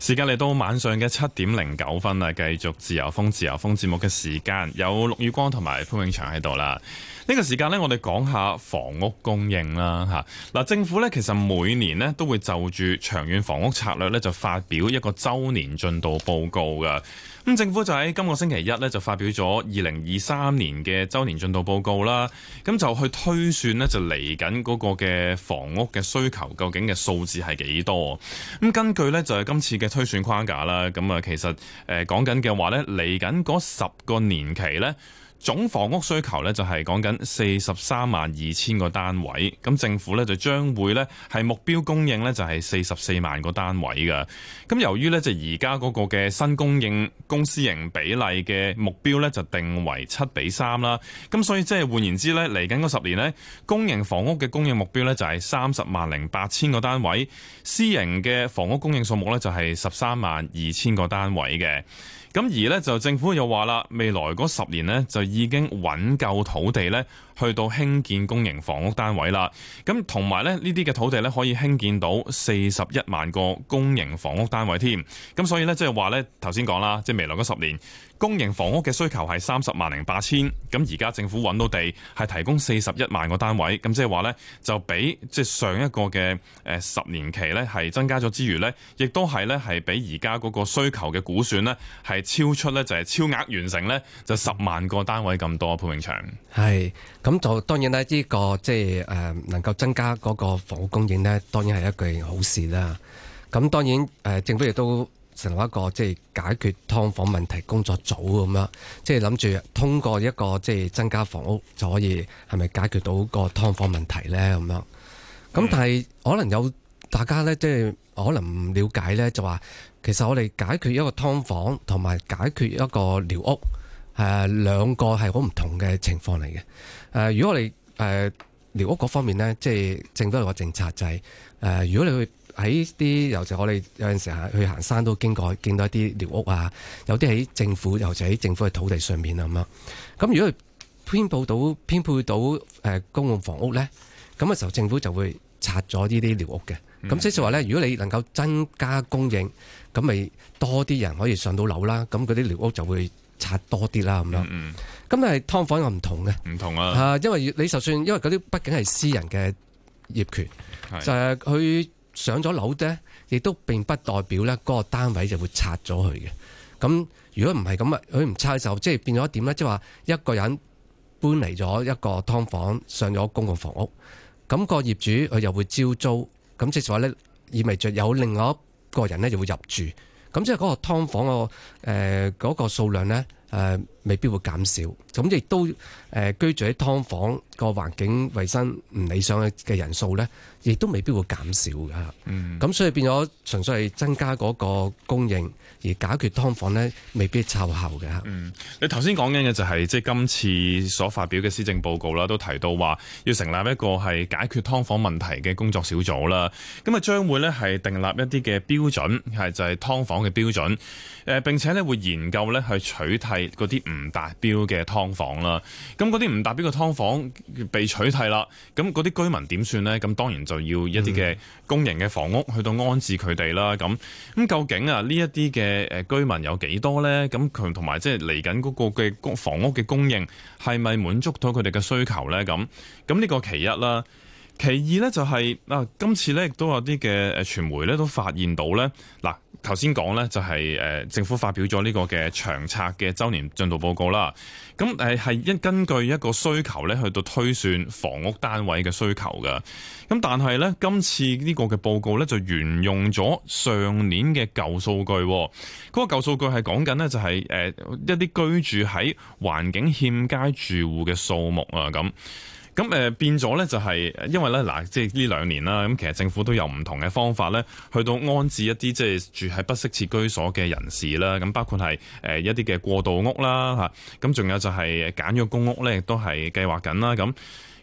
時間嚟到晚上嘅七點零九分啦，繼續自由風自由風節目嘅時間，有陸宇光同埋潘永祥喺度啦。呢個時間呢，我哋講下房屋供應啦，嚇嗱，政府呢，其實每年呢都會就住長遠房屋策略呢，就發表一個周年進度報告㗎。咁政府就喺今個星期一咧，就發表咗二零二三年嘅周年進度報告啦。咁就去推算呢，就嚟緊嗰個嘅房屋嘅需求究竟嘅數字係幾多？咁根據呢，就係今次嘅推算框架啦。咁啊，其實誒講緊嘅話呢，嚟緊嗰十個年期呢。總房屋需求咧就係講緊四十三萬二千個單位，咁政府咧就將會咧係目標供應咧就係四十四萬個單位㗎。咁由於咧就而家嗰個嘅新供應公私營比例嘅目標咧就定為七比三啦，咁所以即係換言之咧，嚟緊嗰十年呢，公營房屋嘅供應目標咧就係三十萬零八千個單位，私營嘅房屋供應數目咧就係十三萬二千個單位嘅。咁而咧就政府又話啦，未來嗰十年呢，就已經揾夠土地咧，去到興建公營房屋單位啦。咁同埋咧，呢啲嘅土地咧，可以興建到四十一萬個公營房屋單位添。咁所以咧，即係話咧，頭先講啦，即係未來嗰十年。公營房屋嘅需求係三十萬零八千，咁而家政府揾到地係提供四十一萬個單位，咁即係話呢，就比即係上一個嘅誒十年期呢係增加咗之餘呢，亦都係呢係比而家嗰個需求嘅估算呢係超出呢，就係、是、超額完成呢，就十萬個單位咁多。潘永祥係咁就當然咧、這、呢個即係誒能夠增加嗰個房屋供應呢，當然係一句好事啦。咁當然誒、呃、政府亦都。成立一個即係解決劏房問題工作組咁樣，即係諗住通過一個即係增加房屋就可以，係咪解決到個劏房問題呢？咁樣咁，但係可能有大家呢，即係可能唔了解呢，就話其實我哋解決一個劏房同埋解決一個寮屋，誒兩個係好唔同嘅情況嚟嘅。誒、呃，如果我哋誒、呃、寮屋嗰方面呢，即係政府嘅政策就係、是、誒、呃，如果你去。喺啲，尤其我哋有陣時去行山都經過，見到一啲寮屋啊，有啲喺政府，尤其喺政府嘅土地上面咁樣。咁如果編佈到編配到誒公共房屋呢，咁嘅時候政府就會拆咗呢啲寮屋嘅。咁即係話呢，如果你能夠增加供應，咁咪多啲人可以上到樓啦。咁嗰啲寮屋就會拆多啲啦咁樣。咁但係劏房又唔同嘅，唔同啊，啊，因為你就算因為嗰啲畢竟係私人嘅業權，就係佢。上咗樓啫，亦都並不代表呢嗰個單位就會拆咗佢嘅。咁如果唔係咁啊，佢唔拆嘅時候，即係變咗一點呢，即係話一個人搬嚟咗一個劏房上咗公共房屋，咁、嗰個業主佢又會招租，咁即係話呢，意味着有另外一個人呢就會入住，咁即係嗰個劏房個誒嗰個數量呢。誒、呃。未必會減少，咁亦都誒居住喺劏房個環境衞生唔理想嘅嘅人數呢，亦都未必會減少㗎。嗯，咁所以變咗純粹係增加嗰個供應，而解決劏房呢未必奏效嘅。嗯，你頭先講緊嘅就係即係今次所發表嘅施政報告啦，都提到話要成立一個係解決㓥房問題嘅工作小組啦。咁啊將會呢係訂立一啲嘅標準，係就係劏房嘅標準，誒並且呢會研究呢去取締嗰啲唔。唔達標嘅劏房啦，咁嗰啲唔達標嘅劏房被取締啦，咁嗰啲居民點算呢？咁當然就要一啲嘅公營嘅房屋去到安置佢哋啦。咁咁究竟啊呢一啲嘅誒居民有幾多呢？咁同同埋即係嚟緊嗰個嘅房屋嘅供應係咪滿足到佢哋嘅需求呢？咁咁呢個其一啦，其二呢就係、是、啊今次呢亦都有啲嘅誒傳媒呢都發現到呢。嗱、啊。頭先講咧就係誒，政府發表咗呢個嘅長策嘅周年進度報告啦。咁誒係一根據一個需求咧，去到推算房屋單位嘅需求噶。咁但係咧，今次呢個嘅報告咧就沿用咗上年嘅舊數據。嗰個舊數據係講緊呢，就係誒一啲居住喺環境欠佳住戶嘅數目啊咁。咁誒變咗咧，就係因為咧嗱，即係呢兩年啦，咁其實政府都有唔同嘅方法咧，去到安置一啲即係住喺不適切居所嘅人士啦，咁包括係一啲嘅過渡屋啦，咁仲有就係簡約公屋咧，亦都係計劃緊啦，咁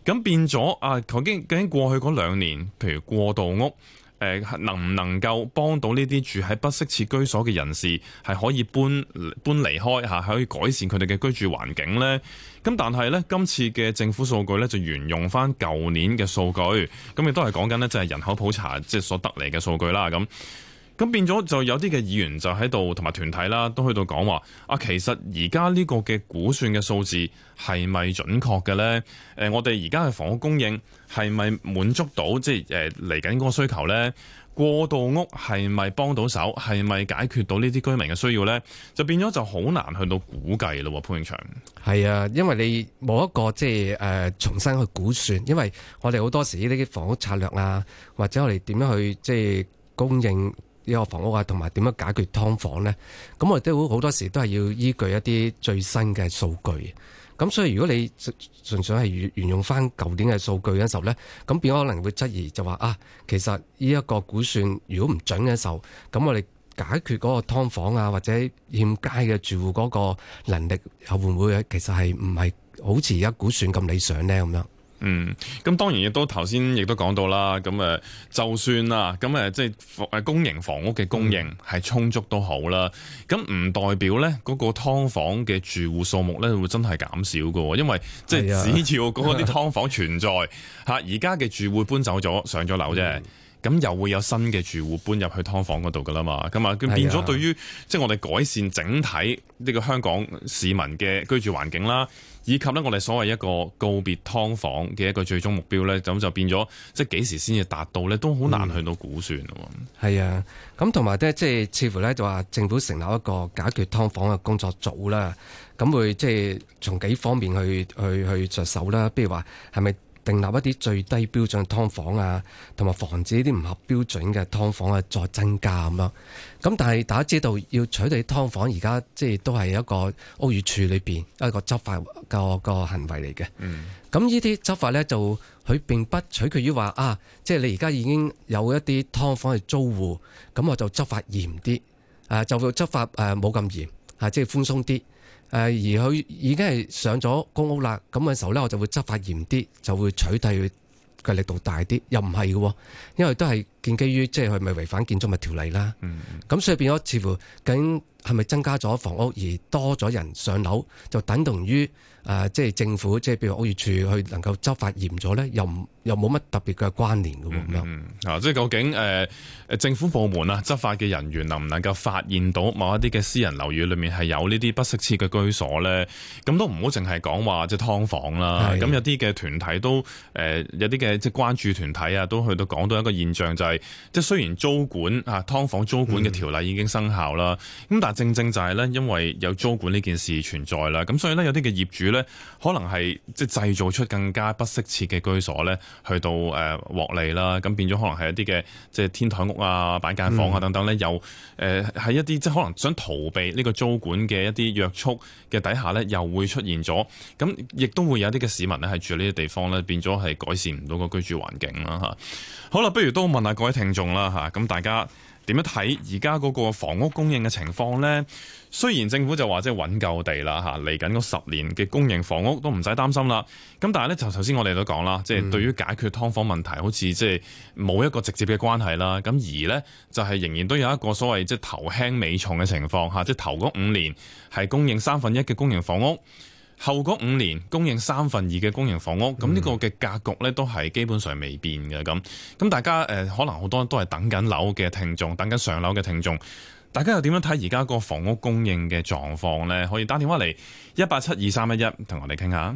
咁變咗啊！究竟究竟過去嗰兩年，譬如過渡屋。誒，能唔能夠幫到呢啲住喺不適切居所嘅人士，係可以搬搬離開吓，可以改善佢哋嘅居住環境呢？咁但係呢，今次嘅政府數據呢，就沿用翻舊年嘅數據，咁亦都係講緊呢，就係人口普查即係所得嚟嘅數據啦咁。咁變咗就有啲嘅議員就喺度同埋團體啦，都去到講話啊，其實而家呢個嘅估算嘅數字係咪準確嘅咧？呃，我哋而家嘅房屋供應係咪滿足到即係嚟緊嗰個需求咧？過渡屋係咪幫到手？係咪解決到呢啲居民嘅需要咧？就變咗就好難去到估計咯，潘永祥。係啊，因為你冇一個即係、就是呃、重新去估算，因為我哋好多時呢啲房屋策略啊，或者我哋點樣去即係、就是、供應。呢個房屋啊，同埋點樣解決劏房呢？咁我哋都好多時都係要依據一啲最新嘅數據。咁所以如果你純粹係沿用翻舊年嘅數據嘅時候呢，咁變可能會質疑就話啊，其實呢一個估算如果唔準嘅時候，咁我哋解決嗰個劏房啊或者欠佳嘅住戶嗰個能力，會唔會其實係唔係好似而家估算咁理想呢？咁樣。嗯，咁當然亦都頭先亦都講到啦，咁就算啦，咁誒，即係公營房屋嘅供應係充足都好啦，咁唔代表咧嗰個劏房嘅住戶數目咧會真係減少嘅，因為即係只要嗰啲劏房存在嚇，而家嘅住戶搬走咗上咗樓啫，咁、嗯、又會有新嘅住戶搬入去劏房嗰度噶啦嘛，咁啊變咗對於、啊、即係我哋改善整體呢個香港市民嘅居住環境啦。以及咧，我哋所謂一個告別劏房嘅一個最終目標咧，咁就變咗，即係幾時先至達到咧，都好難去到估算喎。係、嗯、啊，咁同埋咧，即係似乎咧就話政府成立一個解決劏房嘅工作組啦，咁會即係從幾方面去去去着手啦，譬如話係咪？是定立一啲最低標準嘅劏房啊，同埋防止呢啲唔合標準嘅劏房啊再增加咁樣。咁但係大家知道，要取締啲劏房而家即係都係一個屋宇署裏面一個執法個個行為嚟嘅。咁呢啲執法呢，就佢並不取決於話啊，即係你而家已經有一啲劏房係租戶，咁我就執法嚴啲啊，就會執法冇咁嚴啊，即係寬鬆啲。誒，而佢已經係上咗公屋啦，咁嘅時候咧，我就會執法嚴啲，就會取締佢嘅力度大啲，又唔係嘅，因為都係建基於即係佢咪違反建築物條例啦。咁、嗯嗯、所以變咗，似乎究竟係咪增加咗房屋而多咗人上樓，就等同於。誒、呃，即係政府，即係譬如屋宇署去能夠執法嚴咗咧，又唔又冇乜特別嘅關聯嘅咁樣嗯，啊、嗯、即、嗯、係、嗯嗯嗯、究竟誒誒、呃、政府部門啊，執法嘅人員能唔能夠發現到某一啲嘅私人樓宇裏面係有呢啲不適切嘅居所咧？咁都唔好淨係講話即係劏房啦啊。咁有啲嘅團體都誒、呃、有啲嘅即係關注團體啊，都去到講到一個現象，就係即係雖然租管啊劏房租管嘅條例已經生效啦，咁、嗯、但係正正就係咧，因為有租管呢件事存在啦，咁所以咧有啲嘅業主咧。可能係即係製造出更加不適切嘅居所咧，去到誒獲利啦，咁變咗可能係一啲嘅即係天台屋啊、板間房啊等等咧，嗯、又誒喺一啲即係可能想逃避呢個租管嘅一啲約束嘅底下咧，又會出現咗，咁亦都會有一啲嘅市民咧係住喺呢啲地方咧，變咗係改善唔到個居住環境啦嚇。好啦，不如都問下各位聽眾啦嚇，咁大家。點樣睇而家嗰個房屋供應嘅情況呢？雖然政府就話即係搵夠地啦嚇，嚟緊嗰十年嘅供應房屋都唔使擔心啦。咁但係呢，就頭先我哋都講啦，即係對於解決劏房問題，好似即係冇一個直接嘅關係啦。咁而呢，就係仍然都有一個所謂即係頭輕尾重嘅情況嚇，即係頭嗰五年係供應三分一嘅供應房屋。後嗰五年供應三分二嘅公營房屋，咁呢個嘅格局呢都係基本上未變嘅咁。咁大家誒、呃、可能好多都係等緊樓嘅聽眾，等緊上樓嘅聽眾，大家又點樣睇而家個房屋供應嘅狀況呢？可以打電話嚟一八七二三一一同我哋傾下。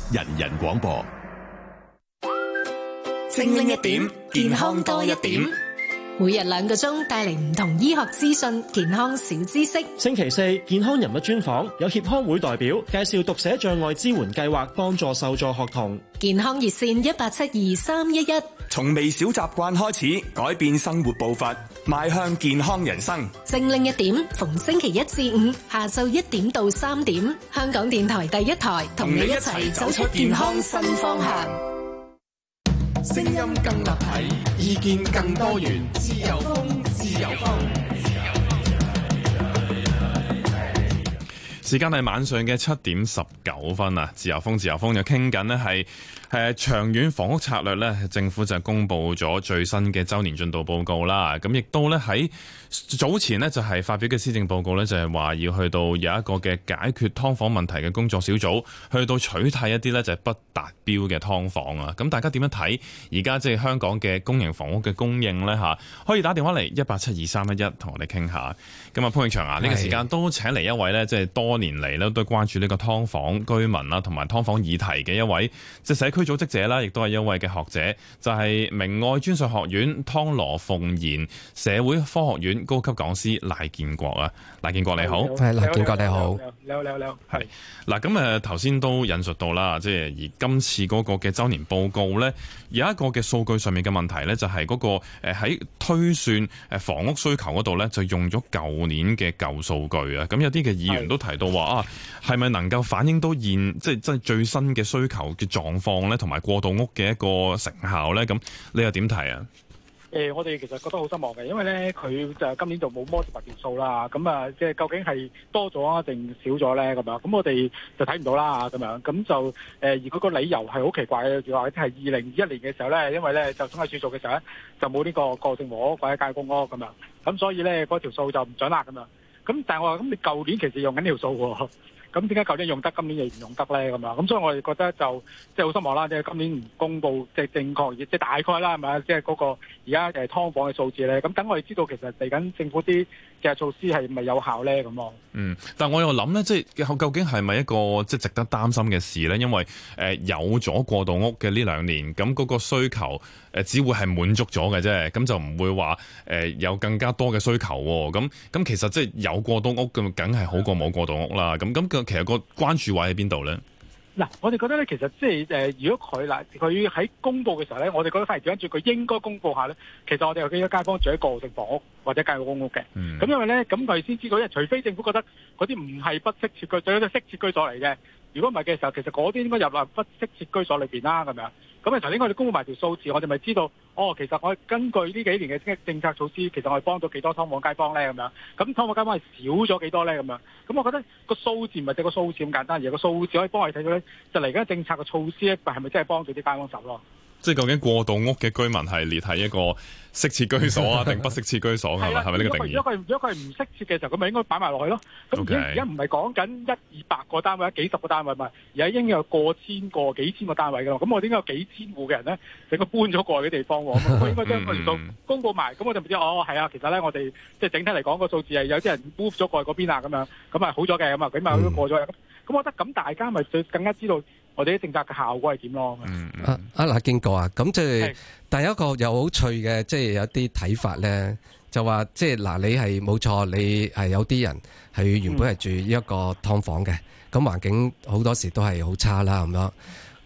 人人廣播，精靈一點，健康多一點。一點每日兩個鐘，帶嚟唔同醫學資訊、健康小知識。星期四健康人物專訪，有協康會代表介紹讀寫障礙支援計劃，幫助受助學童。健康熱線一八七二三一一，從微小習慣開始，改變生活步伐。邁向健康人生，精靈一點，逢星期一至五下晝一點到三點，香港電台第一台同你一齊走出健康新方向。聲音更立體，意見更多元，自由風，自由風，自由，風自由風。時間係晚上嘅七點十九分啊！自由風，自由風就傾緊咧係。誒長遠房屋策略呢，政府就公布咗最新嘅週年進度報告啦。咁亦都呢，喺早前呢就係發表嘅施政報告呢，就係話要去到有一個嘅解決劏房問題嘅工作小組，去到取締一啲呢就係不達標嘅劏房啊。咁大家點樣睇而家即係香港嘅公營房屋嘅供應呢？可以打電話嚟一八七二三一一，同我哋傾下。咁啊，潘永祥啊，呢個時間都請嚟一位呢，即係多年嚟都關注呢個劏房居民啦，同埋劏房議題嘅一位，即、就、係、是、社區組織者啦，亦都係一位嘅學者，就係、是、明愛專上學院湯羅鳳賢社會科學院高級講師賴建國啊。賴建國你好，係賴建國你好，你好你好你好。係嗱，咁誒頭先都引述到啦，即係而今次嗰個嘅週年報告咧，有一個嘅數據上面嘅問題咧，就係嗰個誒喺推算誒房屋需求嗰度咧，就用咗舊年嘅舊數據啊。咁有啲嘅議員都提到話啊，係咪能夠反映到現即係即係最新嘅需求嘅狀況？咧同埋過渡屋嘅一個成效咧，咁你又點睇啊？誒，我哋其實覺得好失望嘅，因為咧佢就今年就冇摩特條數啦，咁啊，即係究竟係多咗啊定少咗咧咁樣？咁我哋就睇唔到啦，咁樣咁就誒，而佢個理由係好奇怪嘅，話即係二零二一年嘅時候咧，因為咧就總係轉數嘅時候咧就冇呢個個性房屋或者間公屋咁樣，咁所以咧嗰條數就唔準啦咁樣。咁但係我話咁，你舊年其實用緊條數。咁點解舊年用得，今年又唔用得咧？咁樣，咁所以我哋覺得就即係好失望啦。即係今年唔公布即係正確，亦即係大概啦，係咪啊？即係嗰個而家係劏房嘅數字咧。咁等我哋知道其實嚟緊政府啲嘅措施係咪有效咧？咁啊，嗯，但係我又諗咧，即係究竟係咪一個即係值得擔心嘅事咧？因為誒、呃、有咗過渡屋嘅呢兩年，咁嗰個需求誒只會係滿足咗嘅啫，咁就唔會話誒、呃、有更加多嘅需求喎、哦。咁咁其實即係有過渡屋咁，梗係好過冇過渡屋啦。咁咁其實個關注位喺邊度咧？嗱、嗯，我哋覺得咧，其實即係誒，如果佢嗱，佢喺公佈嘅時候咧，我哋覺得反而點解住，佢應該公佈下咧？其實我哋有幾多街坊住喺過渡性房屋或者隔離公屋嘅？咁因為咧，咁佢先知道，因為除非政府覺得嗰啲唔係不適設居，只係適設居所嚟嘅。如果唔係嘅時候，其實嗰啲應該入落不適設居所裏邊啦，咁樣。咁啊！頭先我哋公布埋條數字，我哋咪知道哦。其實我根據呢幾年嘅政政策措施，其實我哋幫咗幾多劏房街坊咧咁樣。咁劏房街坊係少咗幾多咧咁樣？咁我覺得個數字唔係淨係個數字咁簡單，而個數字可以幫我哋睇到咧，就嚟緊政策嘅措施係咪真係幫到啲街坊手咯？即係究竟過渡屋嘅居民係列喺一個適切居所啊，定不適切居所啊？係咪呢個定義？如果佢如果佢唔適切嘅時候，咁咪應該擺埋落去咯。咁而家唔係講緊一二百個單位，幾十個單位嘛，而係已經有過千個、幾千個單位嘅咯。咁我應該有幾千戶嘅人咧，成個搬咗過去嘅地方喎？咁我應該將個數公告埋，咁我就唔知哦。係啊，其實咧，我哋即係整體嚟講個數字係有啲人 move 咗過去嗰邊啊，咁樣咁啊好咗嘅咁啊，佢起碼都過咗。咁我覺得咁大家咪就更加知道。我哋啲政策嘅效果係點咯？啊啊嗱，見過啊，咁即係，但係有一個又好趣嘅，即係有啲睇法咧，就話即係嗱，你係冇錯，你係有啲人係原本係住依一個劏房嘅，咁環境好多時都係好差啦，咁樣。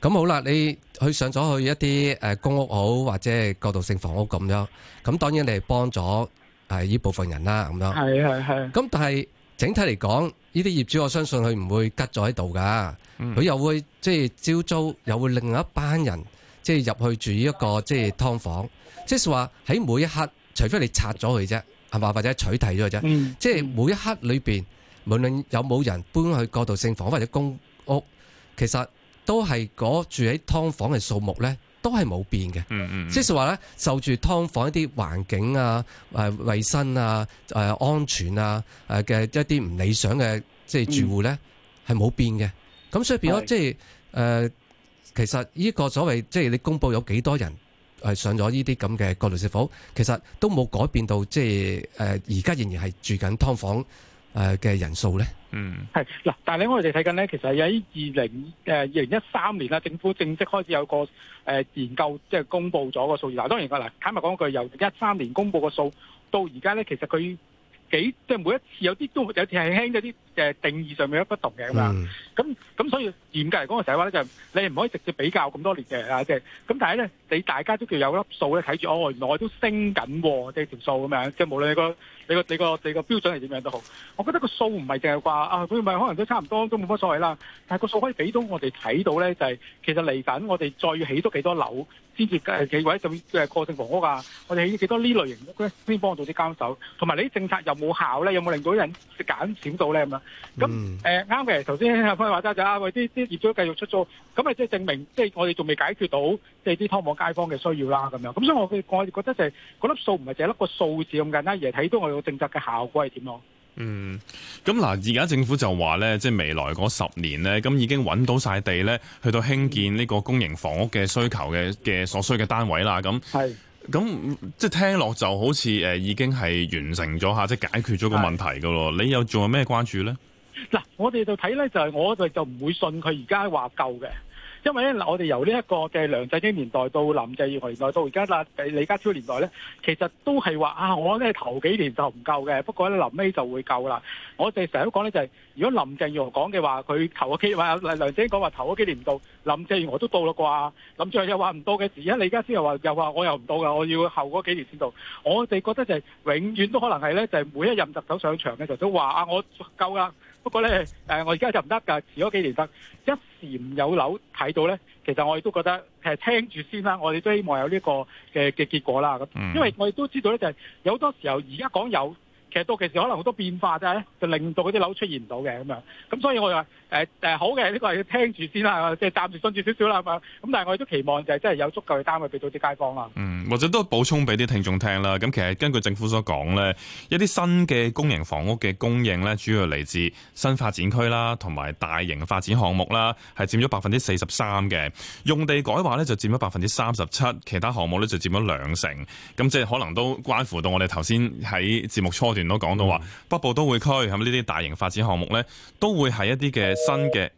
咁好啦，你去上咗去一啲誒公屋好，或者係過渡性房屋咁樣，咁當然你係幫咗誒依部分人啦，咁樣。係係係。咁但係整體嚟講，呢啲業主我相信佢唔會吉咗喺度噶。佢、嗯、又會即係招租，又會另外一班人即係入去住一個即係㓥房，即係話喺每一刻，除非你拆咗佢啫，係嘛？或者取締咗佢啫，即係每一刻裏邊，無論有冇人搬去過渡性房或者公屋，其實都係嗰住喺劏房嘅數目咧，都係冇變嘅、嗯嗯。即係話咧，受住劏房的一啲環境啊、誒、呃、衞生啊、誒、呃、安全啊、誒、呃、嘅一啲唔理想嘅即係住戶咧，係、嗯、冇變嘅。咁所以變咗即係誒、呃，其實呢個所謂即係你公佈有幾多人係上咗呢啲咁嘅隔離食房，其實都冇改變到即係誒，而、呃、家仍然係住緊劏房誒嘅、呃、人數咧。嗯，係嗱，但係咧我哋睇緊咧，其實喺二零誒二零一三年啦，政府正式開始有個誒、呃、研究，即係公佈咗個數字。嗱，當然啦，坦白講一句，由一三年公佈個數到而家咧，其實佢。幾即係每一次有啲都有時係輕咗啲誒定義上面都不同嘅咁樣，咁、嗯、咁所以嚴格嚟講嘅實話咧，就係、你唔可以直接比較咁多年嘅啊，即係咁。但係咧，你大家都叫有粒數咧睇住哦，原來我都升緊即係條數咁樣，即、就、係、是、無論你個你個你個你個標準係點樣都好，我覺得個數唔係淨係話啊，佢咪可能都差唔多，都冇乜所謂啦。但係個數可以俾到我哋睇到咧，就係、是、其實嚟緊我哋再起多幾多樓。先至誒幾位，種誒個性房屋啊！我哋幾多呢類型咧先幫我做啲監守，同埋你啲政策有冇效咧？有冇令到啲人減少到咧咁啊？咁誒啱嘅，頭先阿潘生話齋就係啊喂！啲啲業主繼續出租，咁咪即係證明，即係我哋仲未解決到即係啲劏房街坊嘅需要啦咁樣。咁所以我我哋覺得就係嗰粒數唔係淨係粒個數字咁簡單，而係睇到我哋個政策嘅效果係點咯。嗯，咁嗱，而家政府就話咧，即係未來嗰十年咧，咁已經揾到晒地咧，去到興建呢個公營房屋嘅需求嘅嘅所需嘅單位啦，咁係，咁即係聽落就好似誒，已經係完成咗吓，即係解決咗個問題噶咯。你又仲有咩關注咧？嗱，我哋就睇咧，就係、是、我哋就唔會信佢而家話夠嘅。因為咧，我哋由呢一個嘅梁振英年代到林鄭月娥年代到而家啦，李李家超年代咧，其實都係話啊，我咧頭幾年就唔夠嘅，不過咧臨尾就會夠啦。我哋成日都講咧，就係如果林鄭月娥講嘅話，佢頭嗰幾年，話梁振英講話頭嗰幾年唔到，林鄭月娥都到啦啩？林鄭月娥又話唔到嘅時，而家李家超又話又話我又唔到噶，我要後嗰幾年先到。我哋覺得就係永遠都可能係咧，就係每一任特首上場嘅時候都話啊，我夠噶。不過咧，誒我而家就唔得㗎，遲咗幾年得，一時唔有樓睇到咧，其實我亦都覺得誒聽住先啦，我哋都希望有呢個嘅嘅結果啦。咁、嗯，因為我亦都知道咧、就係，就係有好多時候而家講有，其實到其實可能好多變化，就係咧就令到嗰啲樓出現唔到嘅咁樣，咁所以我又。誒好嘅，呢個要聽住先啦，即係暫時信住少少啦。咁但係我哋都期望就係真係有足夠嘅單位俾到啲街坊啦。嗯，或者都補充俾啲聽眾聽啦。咁其實根據政府所講咧，一啲新嘅公營房屋嘅供應咧，主要嚟自新發展區啦，同埋大型發展項目啦，係佔咗百分之四十三嘅用地改劃咧，就佔咗百分之三十七，其他項目咧就佔咗兩成。咁即係可能都關乎到我哋頭先喺節目初段都講到話北部都會區咁呢啲大型發展項目咧，都會係一啲嘅。新嘅，誒、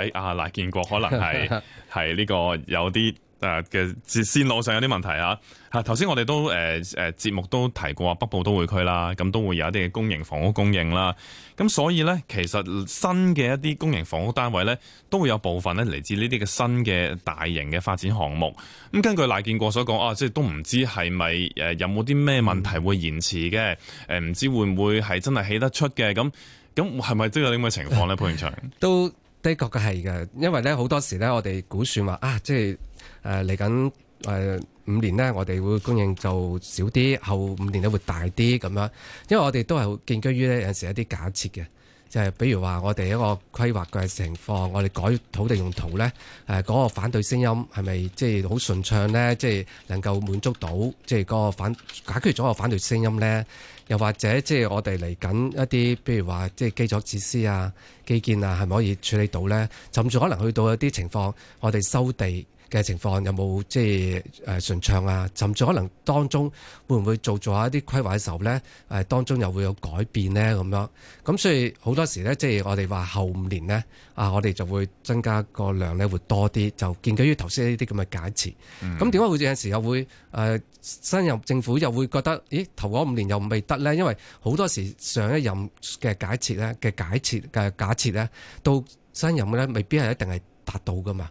哎，呀、啊，賴建國可能係係呢個有啲誒嘅綫路上有啲問題啊！吓，頭先我哋都誒誒節目都提過啊，北部都會區啦，咁、啊、都會有一啲嘅公營房屋供應啦。咁、啊、所以咧，其實新嘅一啲公營房屋單位咧，都會有部分咧嚟自呢啲嘅新嘅大型嘅發展項目。咁、啊、根據賴建國所講，啊，即係都唔知係咪誒有冇啲咩問題會延遲嘅？誒、啊，唔知會唔會係真係起得出嘅？咁、啊。咁係咪都有啲咁嘅情況咧？潘永祥都的確嘅係嘅，因為咧，好多時咧，我哋估算話啊，即係誒嚟緊誒五年咧，我哋會供應就少啲，後五年咧會大啲咁樣。因為我哋都係好建基於咧有陣時一啲假設嘅，即係比如話我哋一個規劃嘅情況，我哋改土地用途咧，誒嗰個反對聲音係咪即係好順暢咧？即係能夠滿足到即係嗰個反解決咗個反對聲音咧？又或者即係我哋嚟緊一啲，譬如話即係基礎設施啊、基建啊，係咪可以處理到咧？甚至可能去到一啲情況，我哋收地。嘅情況有冇即係誒、呃、順暢啊？甚至可能當中會唔會做咗一啲規劃嘅時候呢，誒當中又會有改變呢？咁樣。咁所以好多時呢，即係我哋話後五年呢，啊我哋就會增加個量呢，會多啲，就建基於頭先呢啲咁嘅假設。咁點解會有時又會誒、呃、新任政府又會覺得，咦頭嗰五年又未得呢？因為好多時上一任嘅假設呢，嘅假設嘅假設呢，到新任呢，未必係一定係達到噶嘛。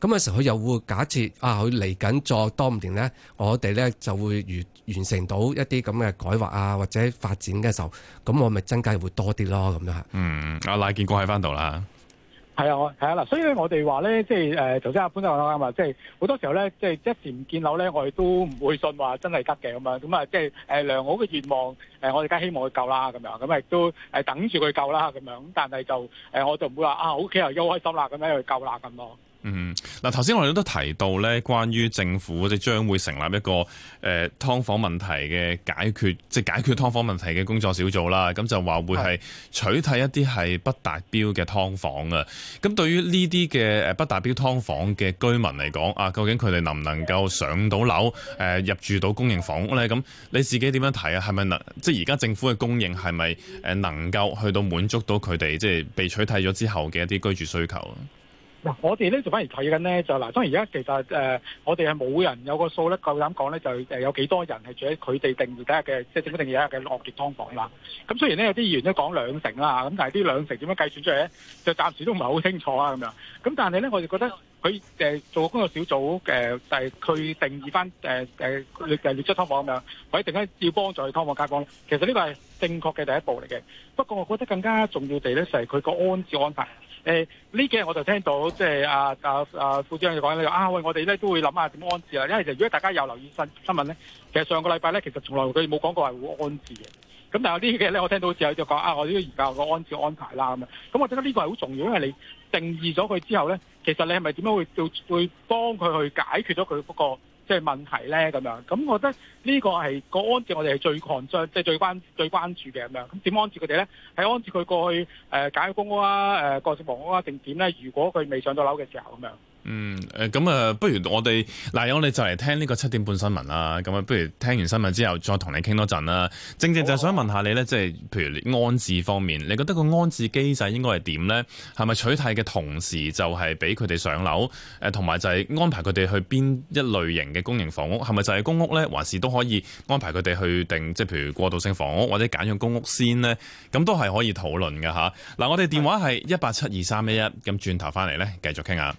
咁嘅時候佢又會假設啊，佢嚟緊再多五年咧，我哋咧就會完完成到一啲咁嘅改劃啊，或者發展嘅時候，咁我咪增加會多啲咯。咁樣嚇，嗯，阿賴建國喺翻度啦，係啊，係啊。嗱，所以咧，我哋話咧，即係誒，頭先阿潘生講啱啊，即係好多時候咧，即係一時唔見樓咧，我哋都唔會信話真係得嘅咁樣。咁啊，即係誒，良好嘅願望，誒，我哋梗係希望佢夠啦，咁樣咁亦都誒等住佢夠啦，咁樣。但係就誒，我就唔會話啊，屋企又悠開心啦，咁樣佢夠啦咁咯。嗯，嗱，頭先我哋都提到咧，關於政府即係將會成立一個誒劏、呃、房問題嘅解決，即係解決㓥房問題嘅工作小組啦。咁就話會係取締一啲係不達標嘅劏房啊。咁對於呢啲嘅誒不達標㓥房嘅居民嚟講，啊，究竟佢哋能唔能夠上到樓誒、呃、入住到公營房屋咧？咁你自己點樣睇啊？係咪能即係而家政府嘅供應係咪誒能夠去到滿足到佢哋即係被取締咗之後嘅一啲居住需求啊？嗱、嗯，我哋咧就反而睇緊咧，就嗱，當然而家其實誒、呃，我哋係冇人有個數咧，夠膽講咧，就誒有幾多人係住喺佢哋定義底下嘅，即係政府定義底下嘅劣質劏房啦。咁雖然咧有啲議員都講兩成啦，咁但係啲兩成點樣計算出嚟咧，就暫時都唔係好清楚啦咁樣。咁但係咧，我哋覺得佢誒、呃、做工作小組嘅、呃，就係、是、佢定義翻誒誒誒劣質劏房咁樣，或者定翻要幫助劏房街坊，其實呢個係正確嘅第一步嚟嘅。不過我覺得更加重要地咧，就係佢個安置安排。誒呢幾日我就聽到即係啊啊啊副主任就講呢度啊，啊啊喂我哋咧都會諗下點安置啦。因為其實如果大家有留意新新聞咧，其實上個禮拜咧，其實從來佢冇講過係會安置嘅。咁但係有啲嘅咧，我聽到時候就講啊，我呢個而家個安置安排啦咁咁我覺得呢個係好重要，因為你定義咗佢之後咧，其實你係咪點樣會會幫佢去解決咗佢嗰個？即、就、係、是、問題咧咁樣，咁我覺得呢個係個安置我哋係最擴張，即、就、係、是、最關最關注嘅咁樣。咁點安置佢哋咧？係安置佢過去、呃、解公屋啊、誒過渡房屋啊定點咧？如果佢未上到樓嘅時候咁樣。嗯，誒，咁啊，不如我哋嗱，我哋就嚟聽呢個七點半新聞啦。咁啊，不如聽完新聞之後，再同你傾多陣啦。正正就係想問下你呢，即、oh. 係譬如安置方面，你覺得個安置機制應該係點呢？係咪取締嘅同時，就係俾佢哋上樓誒，同埋就係安排佢哋去邊一類型嘅公營房屋？係咪就係公屋呢？還是都可以安排佢哋去定即係譬如過渡性房屋或者揀咗公屋先呢？咁都係可以討論㗎。吓。嗱、啊，我哋電話係一八七二三一一，咁轉頭翻嚟呢，繼續傾下。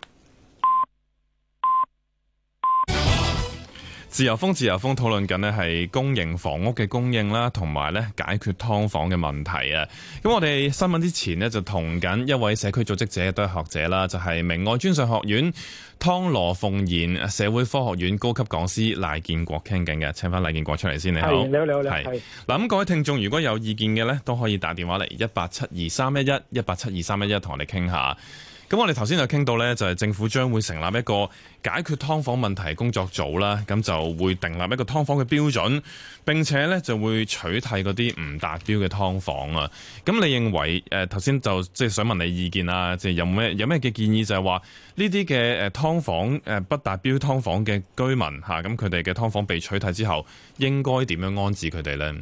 自由風，自由風，討論緊呢係公營房屋嘅供應啦，同埋咧解決劏房嘅問題啊。咁我哋新聞之前呢，就同緊一位社區組織者，都係學者啦，就係明愛專上學院湯羅鳳賢社會科學院高級講師賴建國傾緊嘅，請翻賴建國出嚟先。你好，你好你好你好，係嗱咁，各位聽眾如果有意見嘅咧，都可以打電話嚟一八七二三一一一八七二三一一同我哋傾下。咁我哋頭先就傾到呢，就係政府將會成立一個解決劏房問題工作組啦，咁就會定立一個劏房嘅標準，並且呢就會取締嗰啲唔達標嘅劏房啊。咁你認為誒頭先就即係想問你意見啊，即係有咩有咩嘅建議，就係話呢啲嘅誒劏房誒不達標劏房嘅居民吓，咁佢哋嘅劏房被取締之後，應該點樣安置佢哋呢？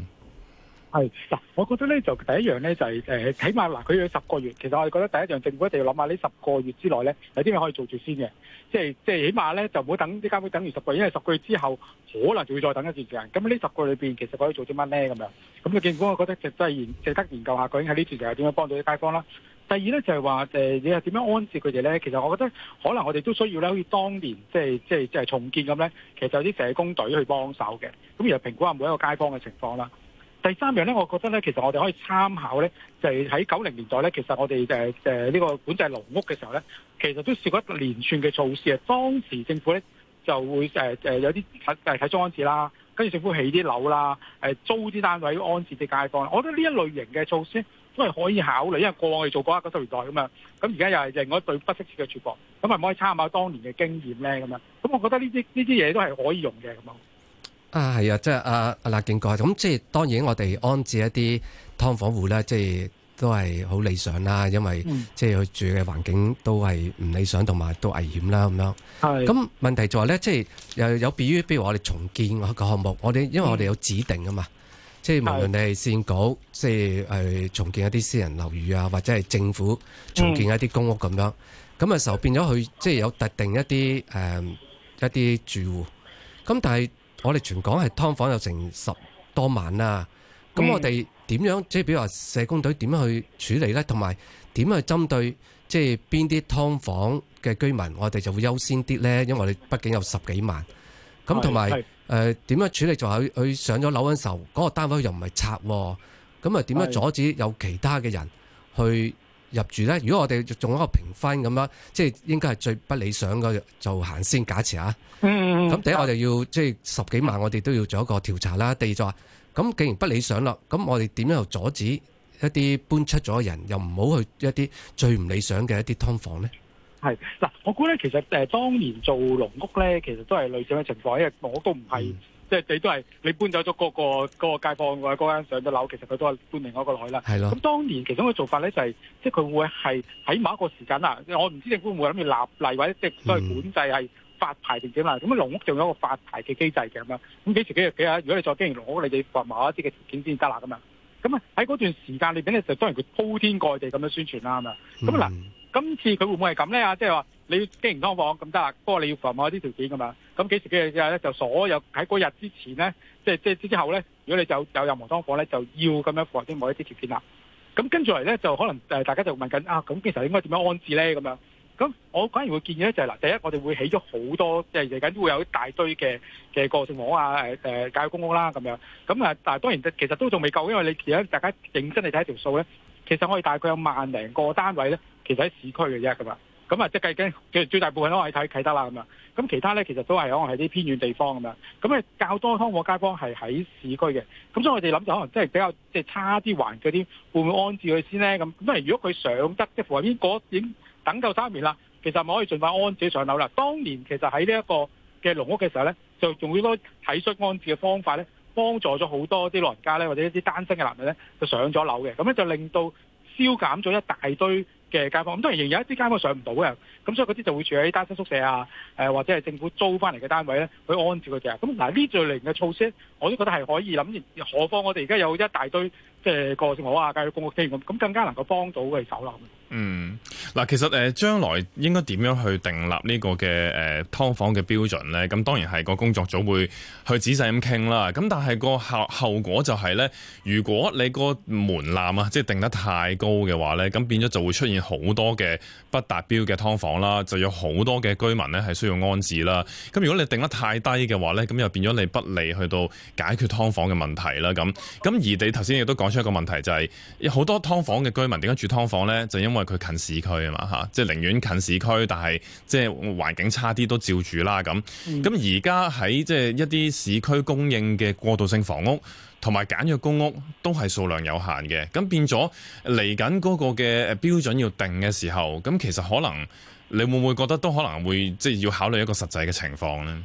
係我覺得咧就第一樣咧就係、是、誒，起碼嗱，佢要十個月。其實我哋覺得第一樣，政府一定要諗下呢十個月之內咧有啲咩可以做住先嘅。即係即係起碼咧就唔好等啲街坊等於十個月，因為十個月之後可能就會再等一段時間。咁呢十個月裏邊，其實佢可以做啲乜咧咁樣？咁你政府我覺得值得研值得研究下究竟喺呢段時間點樣幫到啲街坊啦。第二咧就係話誒，你點樣安置佢哋咧？其實我覺得可能我哋都需要咧，好似當年即係即係即係重建咁咧，其實有啲社工隊去幫手嘅。咁而家評估下每一個街坊嘅情況啦。第三樣咧，我覺得咧，其實我哋可以參考咧，就係喺九零年代咧，其實我哋誒誒呢個管制籠屋嘅時候咧，其實都試過一連串嘅措施啊。當時政府咧就會誒有啲誒睇租安置啦，跟住政府起啲樓啦，租啲單位安置啲街坊。我覺得呢一類型嘅措施都係可以考慮，因為過去做過一個九十年代咁樣，咁而家又係另外一對不適切嘅處境，咁咪可以參考當年嘅經驗咧咁樣，咁我覺得呢啲呢啲嘢都係可以用嘅咁。啊，係啊，啊啊即係阿阿賴建國咁，即係當然我哋安置一啲劏房戶咧，即係都係好理想啦，因為即係佢住嘅環境都係唔理想，同埋都危險啦，咁樣。係。咁問題就係咧，即係又有別於，比如我哋重建一個項目，我哋因為我哋有指定啊嘛，嗯、即係無論你係先講即係誒重建一啲私人樓宇啊，或者係政府重建一啲公屋咁樣，咁、嗯、啊就變咗佢即係有特定一啲誒、呃、一啲住戶，咁但係。我哋全港係劏房有成十多萬啦，啊，咁我哋點樣即係比如話社工隊點樣去處理呢？同埋點樣去針對即係邊啲劏房嘅居民，我哋就會優先啲呢？因為我哋畢竟有十幾萬，咁同埋誒點樣處理？就佢、是、佢上咗樓嗰陣時候，嗰、嗰個單位又唔係拆，咁啊點樣阻止有其他嘅人去？入住咧，如果我哋仲一個評分咁樣，即係應該係最不理想嘅，就行先，先假設吓。嗯，嗯，嗯等下，咁第一我哋要即係十幾萬，我哋都要做一個調查啦。第二就話，咁既然不理想喇，咁我哋點樣又阻止一啲搬出咗人，又唔好去一啲最唔理想嘅一啲劏房咧？係嗱，我估咧，其實誒當年做農屋咧，其實都係類似嘅情況，因為我都唔係。即係你都係你搬走咗嗰個街坊或者嗰間上咗樓，其實佢都係搬另外一個落去啦。係咯。咁當然其中嘅做法咧就係、是，即係佢會係喺某一個時間啊，我唔知政府會唔會諗住立例或者即係所謂管制係發牌定件啦。咁啊，籠屋仲有一個發牌嘅機制嘅咁樣。咁幾時幾日幾啊？如果你再經營籠屋，你哋符合某一啲嘅條件先得啦咁啊。咁啊，喺嗰段時間裏邊咧，就當然佢鋪天蓋地咁樣宣傳啦咁啊。咁、嗯、嗱，今次佢會唔會係咁咧？啊、就是，即係話。你經營劏房咁得啦，不過你要符合某啲條件㗎嘛。咁幾時幾日之後咧，就所有喺嗰日之前咧，即係即係之後咧，如果你就有任何劏房咧，就要咁樣符合啲某一啲條件啦。咁跟住嚟咧，就可能誒大家就問緊啊，咁其實應該點樣安置咧咁樣？咁我反而會建議咧，就係、是、嗱，第一我哋會起咗好多，即係嚟緊會有一大堆嘅嘅個性房啊，誒誒解公屋啦咁樣。咁啊，但係當然其實都仲未夠，因為你而家大家認真嚟睇條數咧，其實我哋大概有萬零個單位咧，其實喺市區嘅啫。咁啊，即係計緊其實最大部分都可以睇啟德啦咁樣，咁其他咧其，其實都係可能係啲偏遠地方咁樣，咁啊較多劏房街坊係喺市區嘅，咁所以我哋諗就可能即係比較即係、就是、差啲環境啲，會唔會安置佢先咧？咁咁因為如果佢上得即係附近嗰啲等夠三年啦，其實咪可以儘快安置上樓啦。當年其實喺呢一個嘅農屋嘅時候咧，就用啲多體恤安置嘅方法咧，幫助咗好多啲老人家咧，或者一啲單身嘅男人咧，就上咗樓嘅，咁咧就令到消減咗一大堆。嘅街坊，咁當然仍然有一啲街坊上唔到嘅，咁所以嗰啲就會住喺單身宿舍啊，誒或者係政府租翻嚟嘅單位咧，去安置佢哋啊。咁嗱呢類型嘅措施。我都覺得係可以諗，何況我哋而家有一大堆，即係個我啊，介公屋基咁更加能夠幫到佢手啦。嗯，嗱，其實誒、呃，將來應該點樣去定立呢、這個嘅誒、呃、劏房嘅標準呢？咁當然係個工作組會去仔細咁傾啦。咁但係個後，後果就係呢：如果你個門檻啊，即係定得太高嘅話呢，咁變咗就會出現好多嘅不達標嘅劏房啦，就有好多嘅居民呢係需要安置啦。咁如果你定得太低嘅話呢，咁又變咗你不利去到。解決劏房嘅問題啦，咁咁而你頭先亦都講出一個問題，就係有好多劏房嘅居民點解住劏房呢？就因為佢近市區啊嘛嚇，即係寧願近市區，但係即係環境差啲都照住啦咁。咁而家喺即係一啲市區供應嘅過渡性房屋同埋簡約公屋都係數量有限嘅，咁變咗嚟緊嗰個嘅標準要定嘅時候，咁其實可能你會唔會覺得都可能會即係要考慮一個實際嘅情況呢？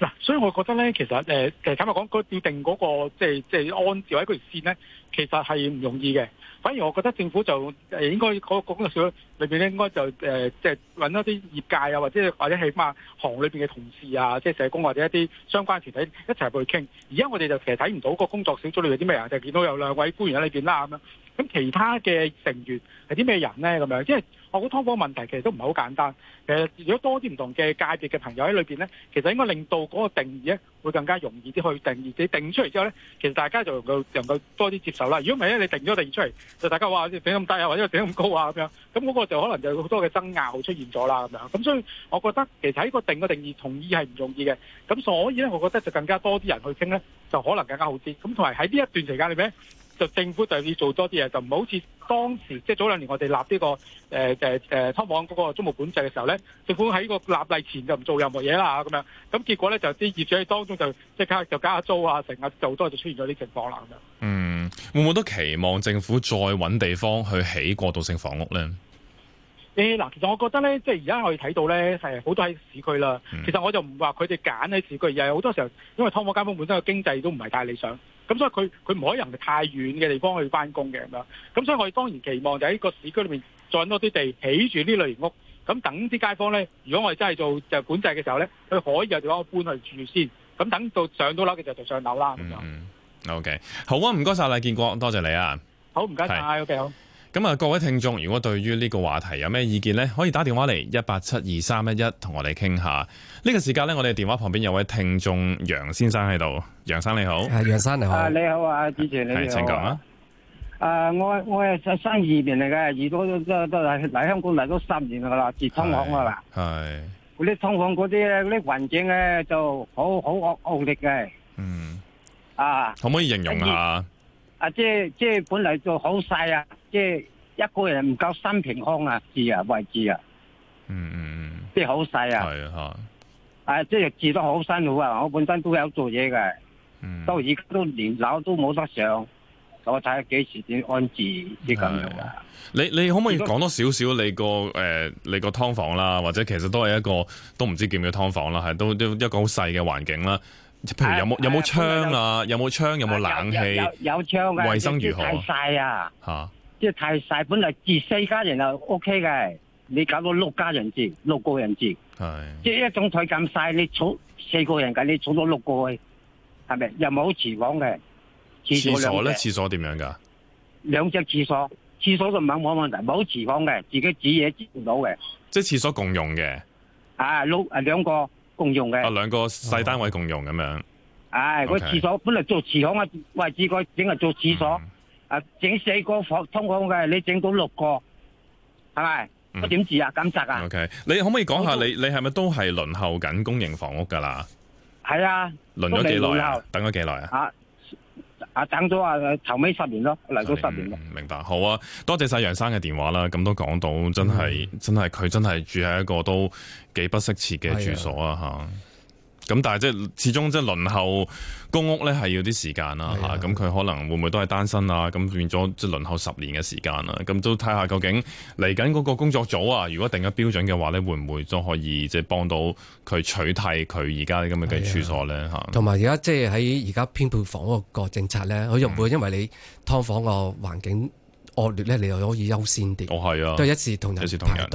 嗱，所以我覺得咧，其實誒，其實坦白講，個要定嗰、嗰個即係即係安置喺佢條線咧，其實係唔容易嘅。反而我覺得政府就誒應該嗰、嗰個工作小組裏面咧，應該就誒即係揾多啲業界啊，或者或者起碼行裏面嘅同事啊，即、就、係、是、社工或者一啲相關團體一齊去傾。而家我哋就其實睇唔到個工作小組裏邊啲咩人，就見到有兩位官員喺裏面啦、啊、咁咁其他嘅成員係啲咩人咧？咁樣，即係我覺得劏房問題其實都唔係好簡單。其實如果多啲唔同嘅界別嘅朋友喺裏面咧，其實應該令到嗰個定義咧會更加容易啲去定義。你定出嚟之後咧，其實大家就能夠能夠多啲接受啦。如果唔係咧，你定咗定義出嚟，就大家話畀咁低啊，或者畀咁高啊咁樣，咁嗰個就可能就好多嘅爭拗出現咗啦咁樣。咁所以，我覺得其實喺個定嘅定義同意係唔容易嘅。咁所以咧，我覺得就更加多啲人去傾咧，就可能更加好啲。咁同埋喺呢一段時間裏邊，就政府就要做多啲嘢，就唔好似當時即係早兩年我哋立呢、呢個誒誒誒劏房嗰個租務管制嘅時候咧，政府喺個立例前就唔做任何嘢啦咁樣，咁結果咧就啲業主喺當中就即刻就加租啊，成日做多就出現咗啲情況啦咁樣。嗯，會唔會都期望政府再揾地方去起過渡性房屋咧？誒、呃、嗱，其實我覺得咧，即係而家可以睇到咧，係好多喺市區啦、嗯。其實我就唔話佢哋揀喺市區，又有好多時候因為劏房街坊本身嘅經濟都唔係太理想。咁所以佢佢唔可以人哋太遠嘅地方去返工嘅咁樣，咁所以我哋當然期望就喺個市區裏面再多啲地起住呢類型屋，咁等啲街坊咧，如果我哋真係做就管制嘅時候咧，佢可以有地方搬去住先，咁等到上到樓嘅時候就上樓啦咁樣。嗯、o、okay. K，好啊，唔該晒，賴建國，多謝，謝你啊。好，唔該晒。o、okay, K，、okay, 好。咁啊，各位聽眾，如果對於呢個話題有咩意見咧，可以打電話嚟一八七二三一一同我哋傾下。呢、這個時間咧，我哋電話旁邊有位聽眾楊先生喺度。楊生你好，楊生你好。啊，你好啊，主持你好，請講啊。誒、啊，我我係新移民嚟嘅，嚟香港嚟咗三年噶啦，住劏房噶啦。係。嗰啲劏房嗰啲，嗰啲環境咧就好好惡惡劣嘅。嗯。啊。可唔可以形容下？啊，即係即係本嚟就好細啊。即係一個人唔夠三平方啊，住啊位置啊，嗯嗯即係好細啊，係啊吓，啊即係住得好辛苦啊！我本身都有做嘢嘅，到而家都連樓都冇得上，我睇下幾時先安置啲咁樣啊！你你可唔可以講多少少你個誒、呃，你個劏房啦，或者其實都係一個都唔知叫唔叫劏房啦，係都都一個好細嘅環境啦。譬如有冇有冇、啊、窗啊？啊有冇窗？啊、有冇冷氣？有窗衛、啊、生如何？太細啊，吓、啊。太細，本嚟住四家人就 O K 嘅，你搞到六家人住，六個人住，哎，即係一種台咁細，你坐四個人嘅，你坐咗六個去，係咪又冇廚房嘅？廁所咧？廁所點樣噶？兩隻廁所，廁所就冇冇問題，冇廚房嘅，自己煮嘢煮唔到嘅。即係廁所共用嘅。啊，六啊兩個共用嘅。啊，兩個細單位共用咁樣。係，哦，個廁所本嚟做廚房啊，位置，個整係做廁所。整、啊、四個房通房嘅，你整到六個，係咪、嗯？我點住啊？咁窄啊？OK，你可唔可以講下你？你係咪都係輪候緊公營房屋噶啦？係啊，輪咗幾耐等咗幾耐啊？啊啊，等咗啊頭尾十年咯，嚟到十年嘅、啊嗯。明白，好啊，多謝晒楊生嘅電話啦。咁都講到真係、嗯，真係真係，佢真係住喺一個都幾不適切嘅住所啊吓。哎呀啊咁但係即係始終即係輪候公屋咧係要啲時間啦吓，咁佢、啊、可能會唔會都係單身啊？咁變咗即係輪候十年嘅時間啦，咁都睇下究竟嚟緊嗰個工作組啊，如果定咗標準嘅話咧，會唔會都可以即係幫到佢取締佢而家咁嘅處所咧吓？同埋而家即係喺而家編配房嗰個政策咧，佢又唔會因為你劏房個環境惡劣咧，你又可以優先啲。哦，係啊。對，一視同仁。一視同仁。